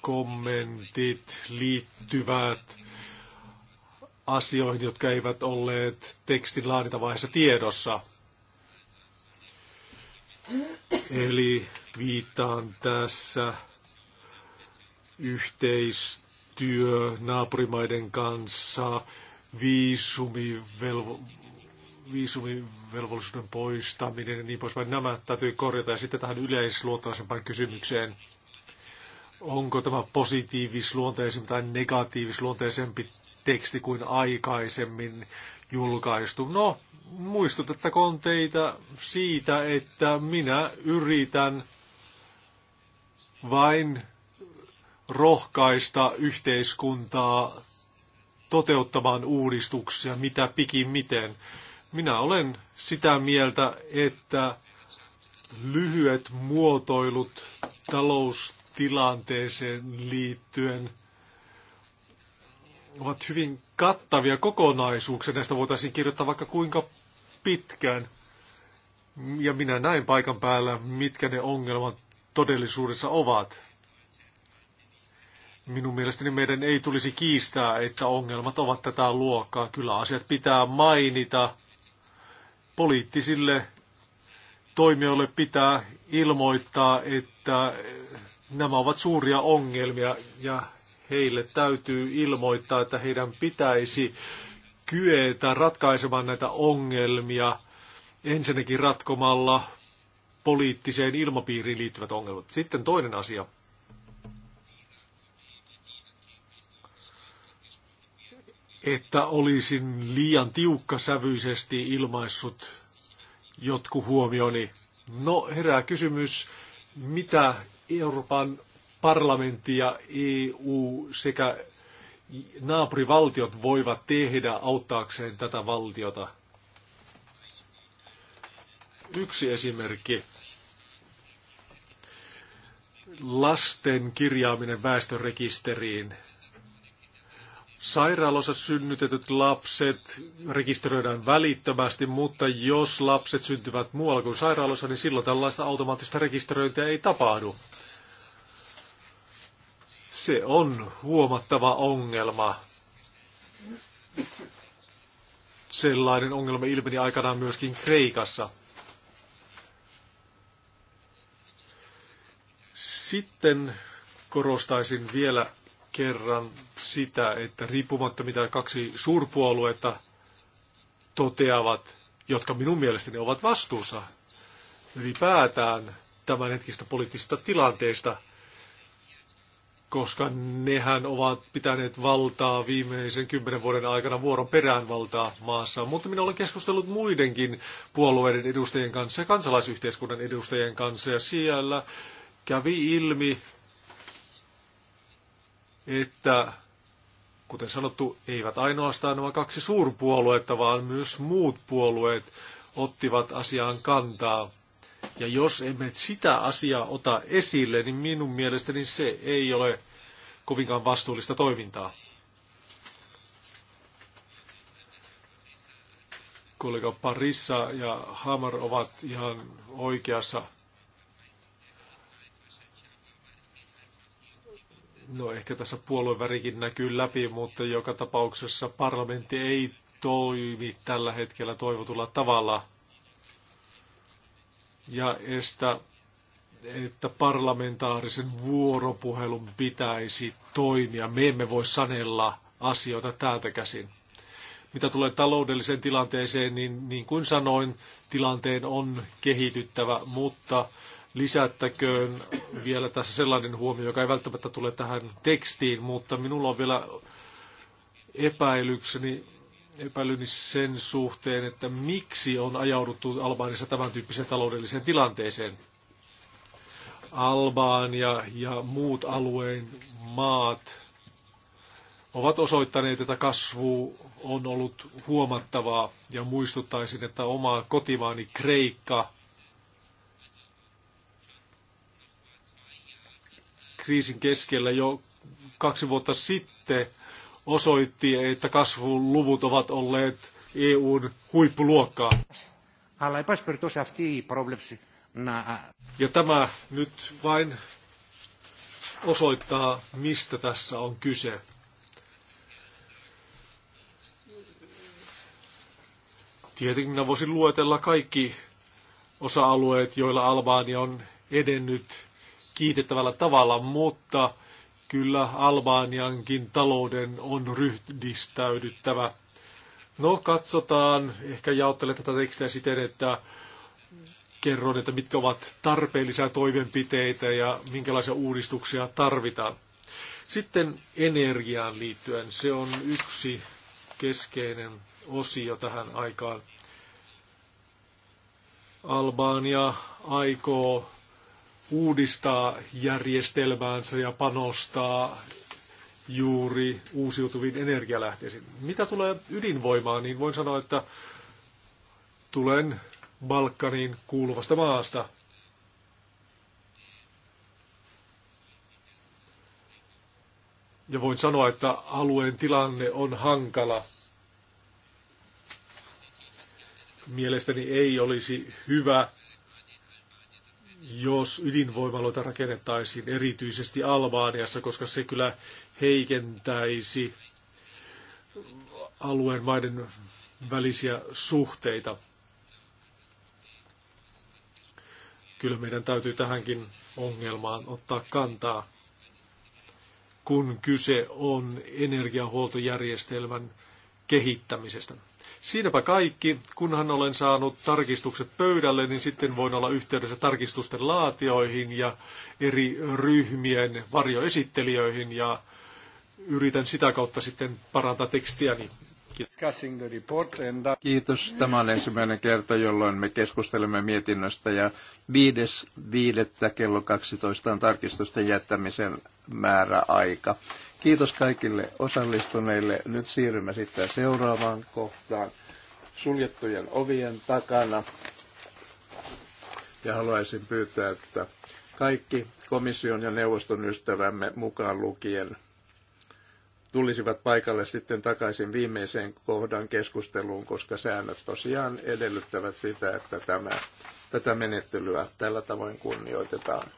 kommentit liittyvät asioihin, jotka eivät olleet tekstin laadintavaiheessa tiedossa – Eli viittaan tässä yhteistyö naapurimaiden kanssa, viisumivelvo, viisumivelvollisuuden poistaminen ja niin poispäin. Nämä täytyy korjata. Ja sitten tähän yleisluontoisempaan kysymykseen. Onko tämä positiivisluonteisempi tai negatiivisluonteisempi teksti kuin aikaisemmin julkaistu? No, muistutettakoon teitä siitä, että minä yritän vain rohkaista yhteiskuntaa toteuttamaan uudistuksia mitä miten. Minä olen sitä mieltä, että lyhyet muotoilut taloustilanteeseen liittyen ovat hyvin kattavia kokonaisuuksia. Näistä voitaisiin kirjoittaa vaikka kuinka pitkään. Ja minä näin paikan päällä, mitkä ne ongelmat todellisuudessa ovat. Minun mielestäni meidän ei tulisi kiistää, että ongelmat ovat tätä luokkaa. Kyllä asiat pitää mainita. Poliittisille toimijoille pitää ilmoittaa, että nämä ovat suuria ongelmia ja heille täytyy ilmoittaa, että heidän pitäisi kyetä ratkaisemaan näitä ongelmia ensinnäkin ratkomalla poliittiseen ilmapiiriin liittyvät ongelmat. Sitten toinen asia. Että olisin liian tiukkasävyisesti ilmaissut jotkut huomioni. No herää kysymys, mitä Euroopan parlamentti ja EU sekä naapurivaltiot voivat tehdä auttaakseen tätä valtiota. Yksi esimerkki. Lasten kirjaaminen väestörekisteriin. Sairaalossa synnytetyt lapset rekisteröidään välittömästi, mutta jos lapset syntyvät muualla kuin sairaalassa, niin silloin tällaista automaattista rekisteröintiä ei tapahdu. Se on huomattava ongelma. Sellainen ongelma ilmeni aikanaan myöskin Kreikassa. Sitten korostaisin vielä kerran sitä, että riippumatta mitä kaksi suurpuoluetta toteavat, jotka minun mielestäni ovat vastuussa ylipäätään tämänhetkistä poliittisesta tilanteesta – koska nehän ovat pitäneet valtaa viimeisen kymmenen vuoden aikana vuoron perään valtaa maassa. Mutta minä olen keskustellut muidenkin puolueiden edustajien kanssa ja kansalaisyhteiskunnan edustajien kanssa ja siellä kävi ilmi, että kuten sanottu, eivät ainoastaan nämä kaksi suurpuoluetta, vaan myös muut puolueet ottivat asiaan kantaa. Ja jos emme sitä asiaa ota esille, niin minun mielestäni se ei ole kovinkaan vastuullista toimintaa. kollega Parissa ja Hamar ovat ihan oikeassa. No ehkä tässä puoluevärikin näkyy läpi, mutta joka tapauksessa parlamentti ei toimi tällä hetkellä toivotulla tavalla ja estä, että parlamentaarisen vuoropuhelun pitäisi toimia. Me emme voi sanella asioita täältä käsin. Mitä tulee taloudelliseen tilanteeseen, niin niin kuin sanoin, tilanteen on kehityttävä, mutta lisättäköön vielä tässä sellainen huomio, joka ei välttämättä tule tähän tekstiin, mutta minulla on vielä epäilykseni epäilyni sen suhteen, että miksi on ajauduttu Albaanissa tämän tyyppiseen taloudelliseen tilanteeseen. Albaania ja muut alueen maat ovat osoittaneet, että kasvu on ollut huomattavaa ja muistuttaisin, että oma kotimaani Kreikka kriisin keskellä jo kaksi vuotta sitten – osoitti, että kasvuluvut ovat olleet EUn huippuluokkaa. Ja tämä nyt vain osoittaa, mistä tässä on kyse. Tietenkin minä voisin luetella kaikki osa-alueet, joilla Albania on edennyt kiitettävällä tavalla, mutta kyllä Albaniankin talouden on ryhdistäydyttävä. No katsotaan, ehkä jaottelen tätä tekstiä siten, että kerron, että mitkä ovat tarpeellisia toimenpiteitä ja minkälaisia uudistuksia tarvitaan. Sitten energiaan liittyen, se on yksi keskeinen osio tähän aikaan. Albania aikoo uudistaa järjestelmäänsä ja panostaa juuri uusiutuviin energialähteisiin. Mitä tulee ydinvoimaan, niin voin sanoa, että tulen Balkaniin kuuluvasta maasta. Ja voin sanoa, että alueen tilanne on hankala. Mielestäni ei olisi hyvä jos ydinvoimaloita rakennettaisiin erityisesti Albaaniassa, koska se kyllä heikentäisi alueen maiden välisiä suhteita. Kyllä meidän täytyy tähänkin ongelmaan ottaa kantaa, kun kyse on energiahuoltojärjestelmän kehittämisestä. Siinäpä kaikki. Kunhan olen saanut tarkistukset pöydälle, niin sitten voin olla yhteydessä tarkistusten laatioihin ja eri ryhmien varjoesittelijöihin ja yritän sitä kautta sitten parantaa tekstiäni. Kiitos. Uh, Tämä on ensimmäinen kerta, jolloin me keskustelemme mietinnöstä ja viides viidettä kello 12 on tarkistusten jättämisen määräaika. Kiitos kaikille osallistuneille. Nyt siirrymme sitten seuraavaan kohtaan suljettujen ovien takana. Ja haluaisin pyytää, että kaikki komission ja neuvoston ystävämme mukaan lukien tulisivat paikalle sitten takaisin viimeiseen kohdan keskusteluun, koska säännöt tosiaan edellyttävät sitä, että tämä, tätä menettelyä tällä tavoin kunnioitetaan.